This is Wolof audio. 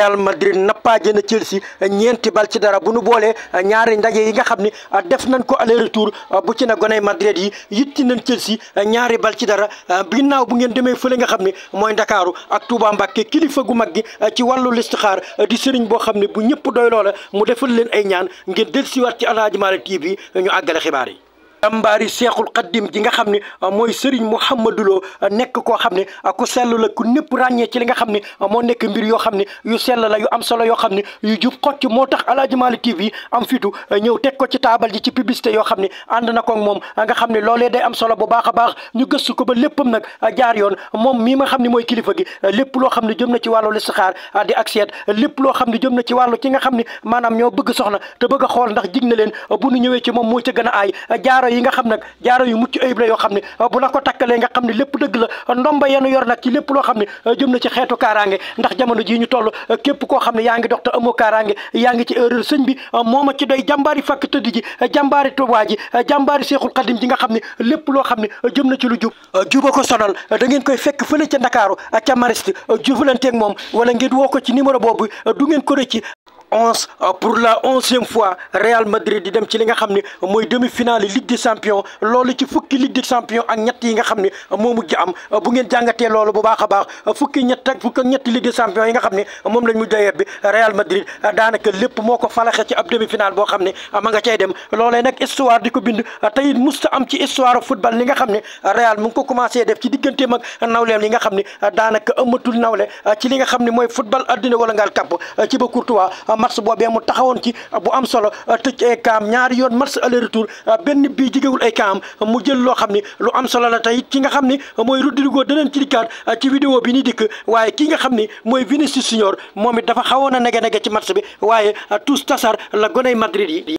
Real Madrid nappaaje na Chelsea ñeenti bal ci dara bu nu boolee ñaari ndaje yi nga xam ni a def nañ ko aller retour bu ci na goney Madrid yi yitti nañ Chelsea ñaari bal ci dara ginnaaw bu ngeen demee fu fële nga xam ni mooy Ndakaaru ak Touba Mbacké kilifa gu mag gi ci wàllu listixaar di sëriñ boo xam ne bu ñëpp doy loola mu defal leen ay ñaan ngeen dellusiwaat ci Aladji Malick TV ñu àggale xibaar yi mbaari seexul xaddim ji nga xam ne ah, mooy Serigne Mouhamadou Lo ah, nekk koo xam ne ah, ku sell la ku ñëpp ràññee ci li nga xam ne moo nekk mbir yoo xam ne yu sell la yu am solo yoo xam ne yu jub xocc moo tax Aladji Malick TV am fitu ñëw teg ko ci taabal ji ci publicité yoo xam ne ànd na ko moom nga xam ne loolee day am solo bu baax a baax ñu gëstu ko ba léppam nag a jaar yoon moom mii ma xam ne mooy kilifa gi lépp loo xam ne jëm na ci wàllu listixaar di ak seet lépp loo xam ne jëm na ci wàllu ci nga xam ne maanaam ñoo bëgg soxna te bëgg xool ndax jig na leen ñëwee ci moom moo ca gën a aay yi nga xam nag jaaro yu mucc ayib la yoo xam ne euh, bu la ko takkalee nga xam ne lépp dëgg la euh, ndomba yenu yor nag ci lépp loo xam ne euh, jëm na ci xeetu kaaraange ndax jamono jii ñu toll képp koo xam ne yaa ngi dox te amoo kaaraange yaa ngi ci erreur sëñ bi mooma ci doy jàmbaari fàkk tëdd ji jàmbaari tubaa ji jàmbaari seexul xadim ji nga xam ne lépp loo xam ne jëm na ci lu jub juba ko sonal da ngeen koy fekk fële ca ndakaaru ca mariste jufalanteeg moom wala ngeen woo ko ci numéro boobu du ngeen ko rëcc onze euh, pour la onzième fois Real Madrid di dem ci li nga xam ne mooy demi-finale Ligue des champions loolu ci fukki Ligue des champions ak ñett yi nga xam ne moo mujj am euh, bu ngeen jàngatee loolu bu baax a baax euh, fukki ñett ak fukki ñetti Ligue des champions yi nga xam ne moom lañ mujj a yebbi Real Madrid daanaka lépp moo ko falaxe ci ab demi-finale boo xam ne ma nga cay dem loolee nag histoire di ko bind a tey musta am ci histoire football li nga xam ne Real mu ngi ko commencé def ci digganteem ak nawleem li nga xam ne daanaka ëmmatul nawle ci li nga xam ne mooy football adduna wala ngal kàpp ci ba Courtois match boobee mu taxawoon ci uh, bu am solo uh, tëj ay kaam ñaari yoon match aller uh, benn bii jigewul ay kaam mu jël loo xam ni lu am solo la tey ki nga xam ni mooy Rodrigo danañ ci dikkaat ci vidéo bi ni dikk waaye ki nga xam ni mooy Vinicius Junior moom it dafa xawoon a nege nege ci match bi waaye tous tasar la goney Madrid yi